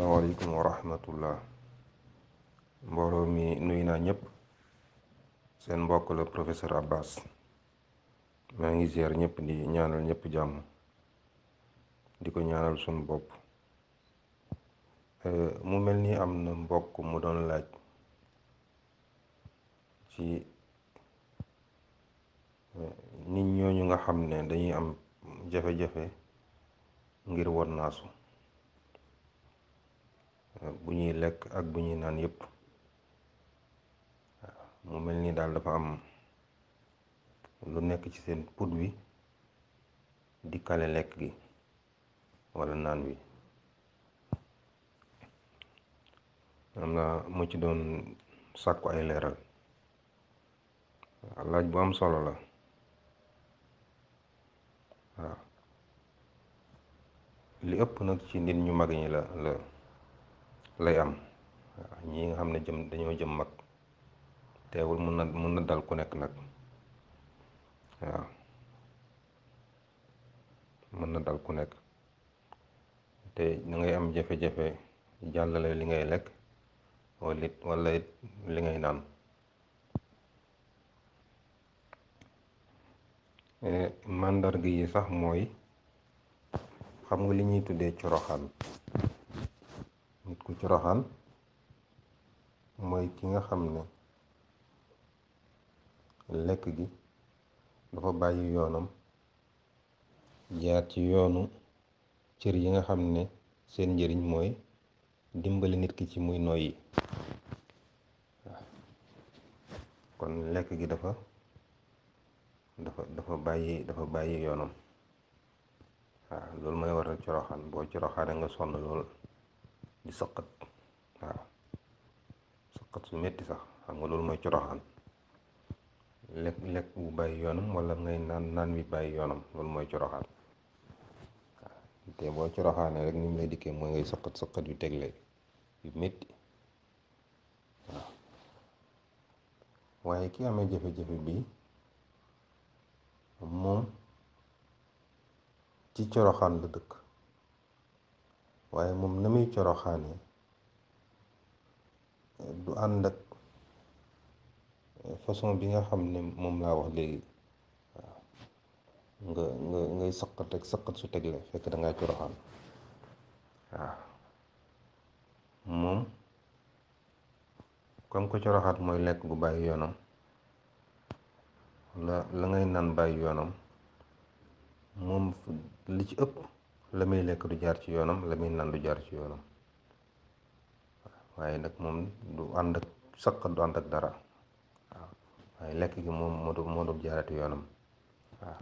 asalaamaaleykum wa mbooloo mi nuyu naa ñëpp seen mbokk la professeur Abbas maa ngi ziar ñëpp di ñaanal ñëpp jàmm di ko ñaanal suñu bopp euh, mu mel ni am na mbokk mu doon laaj ci euh, nit ñooñu nga xam ne dañuy am jafe-jafe ngir naasu bu ñuy lekk ak bu ñuy naan yépp mu mel nii daal dafa am lu nekk ci seen put wi di lekk gi walla naan wi am na mu ci doon sàkku ay leeral laaj bu am solo la waaw li ëpp nag ci nit ñu mag ñi la la lay am waaw ñii nga xam ne jëm dañoo jëm mag teewul mun na mun na dal ku nekk nag waaw na dal ku nekk te da ngay am jafe-jafe jàllale li ngay lekk wala it li ngay naan eh, màndarga yi sax mooy xam nga li ñuy tuddee coroxaan coroxaan mooy ki nga xam ne lekk gi dafa bàyyi yoonam jaar ci yoonu cër yi nga xam ne seen njëriñ mooy dimbali nit ki ci muy noyyi kon lekk gi dafa dafa dafa bàyyi dafa bàyyi yoonam waaw loolu mooy waral coroxaan boo coroxaane nga sonn lool di sëqat waaw sëqat su metti sax xam nga loolu mooy coroxaan lekk lekk bu bàyyi yoonam wala ngay naan naan wi bàyyi yoonam loolu mooy coroxaan te boo coroxaanee rek ni mu lay dikkee mooy ngay sëqat sëqat yu tegle yu metti waaw waaye ki amee jafe-jafe bi moom ci coroxaan la dëkk waaye moom la muy coroxaane du ànd ak façon bi nga xam ne moom laa wax léegi nga ngay saqat sëqat su teg la fekk da ngaa coroxaan waaw moom comme ko coroxaat mooy lekk bu bàyyi yoonam la la ngay naan bàyyi yoonam moom li ci ëpp la muy lekk du jaar ci yoonam la muy naan du jaar ci yoonam waaye nag moom du ànd ak saqat du ànd ak dara waaw waaye lekk gi moom moo du moo du yoonam waaw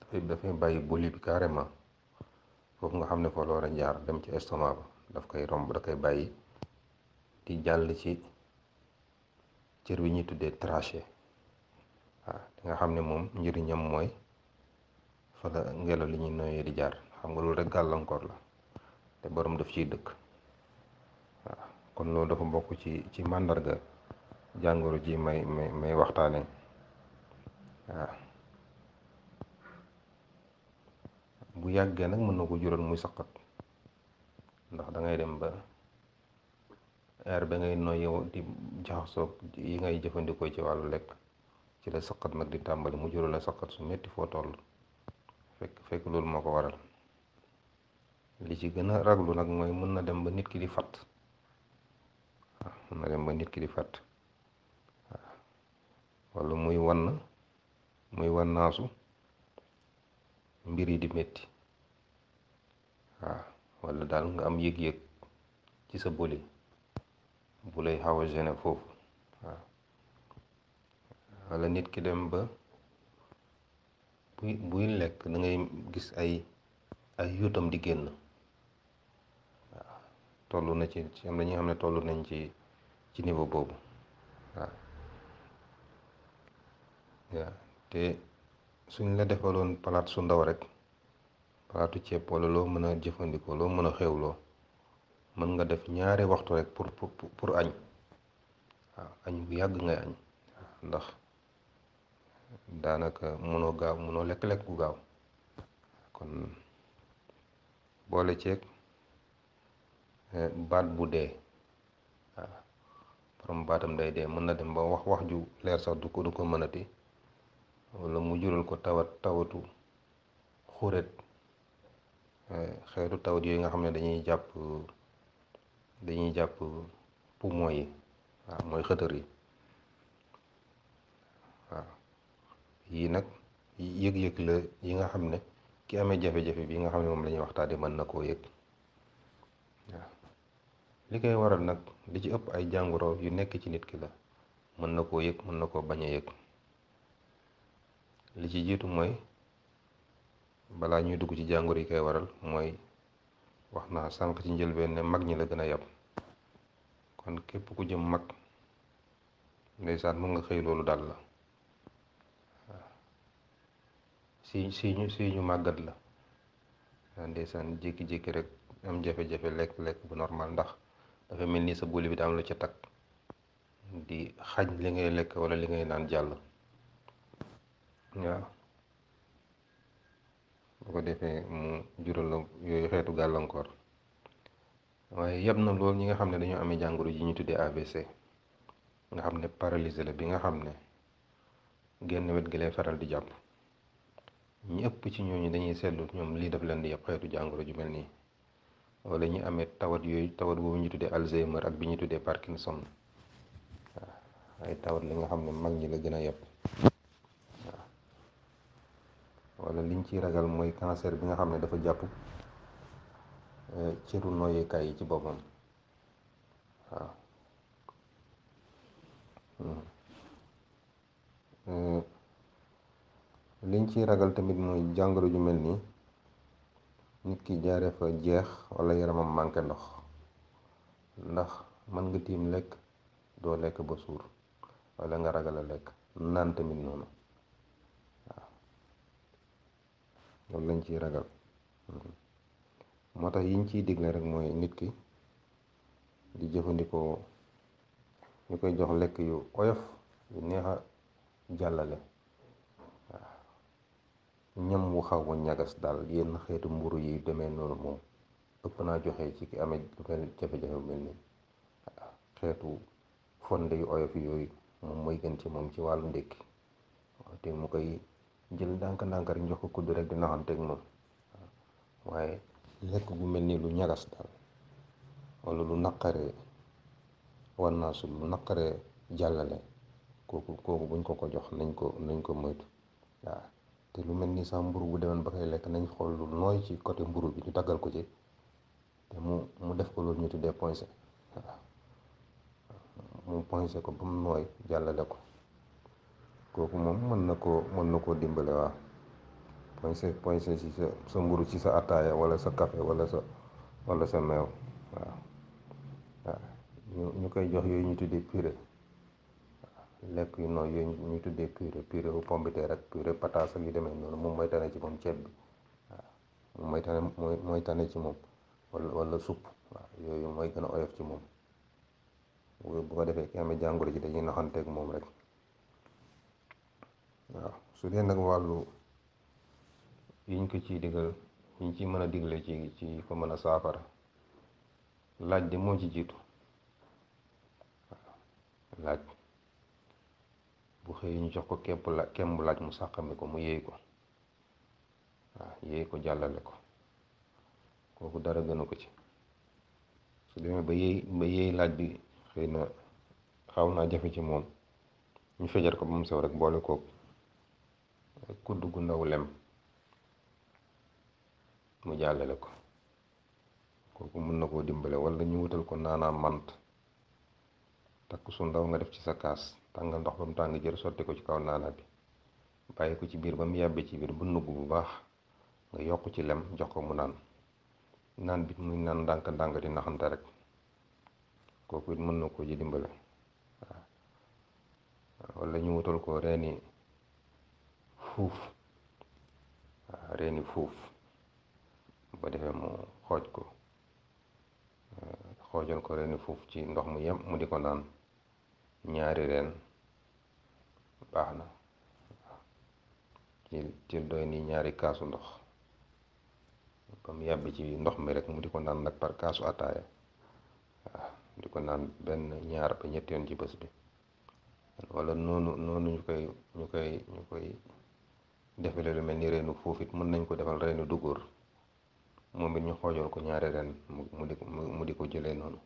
dafay dafay bàyyi boli bi carrément foofu nga xam ne foo la a jaar dem ci estomac ba daf koy romb da koy bàyyi di jàll ci cër bi ñuy tuddee traché waaw nga xam ne moom njëriñam mooy fa ngelaw li ñuy noyyee di jaar xam nga loolu rek gàllankoor la te borom daf ciy dëkk waaw kon loolu dafa bokk ci ci màndarga jàngoro ji may may may waxtaane waaw bu yàggee nag mën na ko jural muy saqat ndax da ngay dem ba air ba ngay noyyee di jaxasoog yi ngay jëfandikoo ci wàllu lekk ci la saqat nag di tàmbali mu jural la saqat su metti foo toll. fekk fekk loolu moo ko waral li ci gën a raglu nag mooy mën na dem ba nit ki di fat waaw mën na dem ba nit ki di fat waaw wala muy wann muy wannaasu mbir yi di metti waaw wala daal nga am yëg-yëg ci sa bëli bu lay xaw a gêné foofu waaw wala nit ki dem ba buy buy lekk da ngay gis ay ay yuutam di génn waaw toll na ci ci am na ñi xam ne tollu nañ ci ci niveau boobu waaw waaw te suñ la defaloon palaat su ndaw rek palaatu ceeb wala loo mën a jëfandikoo loo mën a xewloo mën nga def ñaare waxtu rek pour pour añ waaw añ bu yàgg ngay añ ndax daanaka mënoo gaaw mënoo lekk-lekk gu gaaw kon boole ceeg eh, baat bu dee waaw borom baatam day dee mën na dem ba wax wax ju leer sax du ko du ko mënati wala mu jural ko tawat tawatu xuret eh, xeetu tawat yooyu nga xam ne dañuy jàpp dañuy jàpp poumon yi waaw mooy xëtër yi waaw yii nag yëg-yëg la yi nga xam ne ki amee jafe-jafe bi nga xam ne moom la ñuy waxtaane mën na koo yëg li koy waral nag li ci ëpp ay jàngoro yu nekk ci nit ki la mën na koo yëg mën na koo bañ a yëg li ci jiitu mooy balaa ñuy dugg ci jàngoro yi kay waral mooy wax naa sànq ci njëlbeen ne mag ñi la gën a yab kon képp ku jëm mag ndeysaan mun nga xëy loolu daal la si siñu siñu màggat la waa ndeysaan jékki-jékki rek am jafe-jafe lekk bu normal ndax dafa mel ni sa booli bi daam lu ca takk di xaj li ngay lekk wala li ngay naan jàll waaw bu ko defee mu jural la yooyu xeetu gàllankoor waaye yab na lool ñi nga xam ne dañoo amee jàngoro ji ñu tuddee AVC nga xam ne paralysé la bi nga xam ne genn wet gi lay faral di jàpp ñi ci ñooñu dañuy seetlu ñoom lii daf leen di yëpp xeetu jàngoro ju mel nii wala ñu amee tawat yooyu tawat boobu ñu tuddee Alzheimer ak bi ñu tuddee Parkinson waaw ay tawat li nga xam ne mag ñi la gën a yëpp waaw liñ ciy ragal mooy cancer bi nga xam ne dafa jàpp eh, cëru nooyukaay yi ci boppam waaw. Hmm. Eh, liñ ciy ragal tamit mooy jàngoro ju mel nii nit ki jaaree fa jeex wala yaramam manqué ndox ndax mën nga tiim lekk doo lekk ba suur wala nga ragal a lekk naan tamit noonu waaw loolu lañ ciy ragal mhm. moo tax yiñ ciy digle rek mooy nit ki di jëfandikoo ñu koy jox lekk yu oyof yu neex jàllale ñam wu xaw a ñagas daal yenn xeetu mburu yi demee noonu moom ëpp naa joxe ci ki amee jafe-jafe bu mel nii xeetu fonde yu oyof yooyu moom mooy gën ci moom ci wàllu ndékki waaw koy jël ndànk-ndànk jox ko kudd rek dina waaye lekk gu mel nii lu ñagas daal walla lu naqaree war naa su lu naqaree jàllale kooku kooku buñ ko ko jox nañ ko nañ ko moytu te lu mel ni sa mburu bu demoon ba koy lekk nañ xool lu nooy ci côté mburu bi ñu daggal ko ci te mu mu def ko loolu ñu tuddee poncé waaw mu poncé ko ba mu nooy jàllale ko kooku moom mën na koo mën na koo dimbale waaw poncé poncé ci sa sa mburu ci sa ataaya wala sa café wala sa wala sa meew waaw ñu ñu koy jox yooyu ñu tuddee purée lekk yu nooy yooyu ñuy tuddee purée purée bu pombiteer ak purée pataas yu demee noonu moom mooy tane ci moom ceeb bi waaw moom mooy tane mooy mooy tane ci moom wala wala supp waaw yooyu mooy gën a oyof ci moom bu ko defee ki amee jàngoro ji dañuy naxanteeg moom rek waaw su dee nag wàllu yiñ ko ciy digal yiñ ci mën a digle ci ci ko mën a saafara laaj de moo ci jiitu laaj bu xëy ñu jox ko képp la kemb laaj mu sàqami ko mu yéey ko waaw ko jàllale ko kooku dara gënu ko ci su demee ba yéey ba yéey laaj bi xëy na xaw naa jafe ci moom ñu fejar ko ba mu sew rek boole koog kudd gu ndaw lem mu jàllale ko kooku mën na koo dimbale wala ñu wutal ko naanaa mant takk su ndaw nga def ci sa kaas tàngal ndox ba mu tàng jër sotti ko ci kaw naana bi bàyyi ko ci biir ba mu yàbbee ci biir bu nugg bu baax nga yokk ci lem jox ko mu naan naan bi muy naan ndànk ndànk di naxante rek kooku it mën na ko ji dimbale waaw wala ñu wutal ko reeni fuuf waaw reeni fuuf ba defee mu xooj ko eh, xoojal ko reeni fuuf ci ndox mu yem mu di ko naan ñaari reen baax na ci ci doy ni ñaari kaasu ndox ba mu yàbbi ci ndox mi rek mu di ko naan nag par kaasu ataaya waaw di ko naan benn ñaar ba ñetti yoon ci bés bi wala noonu noonu ñu koy ñu koy ñu mel ni reenu foofu it mën nañ ko defal reenu dugóor moom it ñu xoojool ko ñaari ren mu di mu di ko jëlee noonu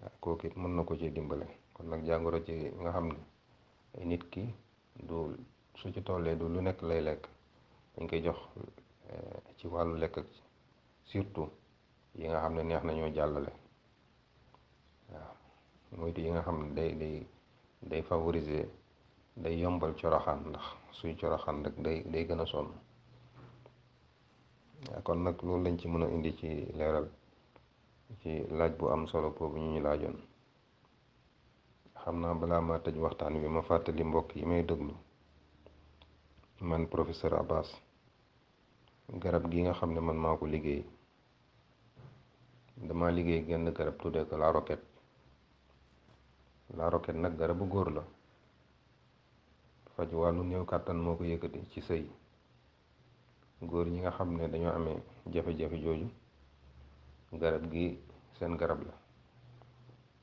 waaw kooku mën na ko ci dimbale kon nag jàngoro ji nga xam ne nit ki du su ci tollee du lu nekk lay lekk dañ koy jox eh, ci wàllu lekk surtout yi nga xam ne neex nañoo jàllale waaw moytu yi nga xam ne day day day favoriser day yombal coroxaan ndax suy coroxaan rek day day gën a sonn kon nag loolu lañ ci mën a indi ci leeral ci laaj bu am solo boobu ñu ñu laajoon xam naa balaa ma tëj waxtaan wi ma fàttali mbokk yi may déglu man professeur Abbas garab gi nga xam ne man maa ko liggéey dama liggéey genn garab tuddee ko laa roquette laa roquette nag garabu góor la faj wàllu néew kàttan moo ko yëkkati ci sëy góor ñi nga xam ne dañoo amee jafe-jafe jooju garab gi seen garab la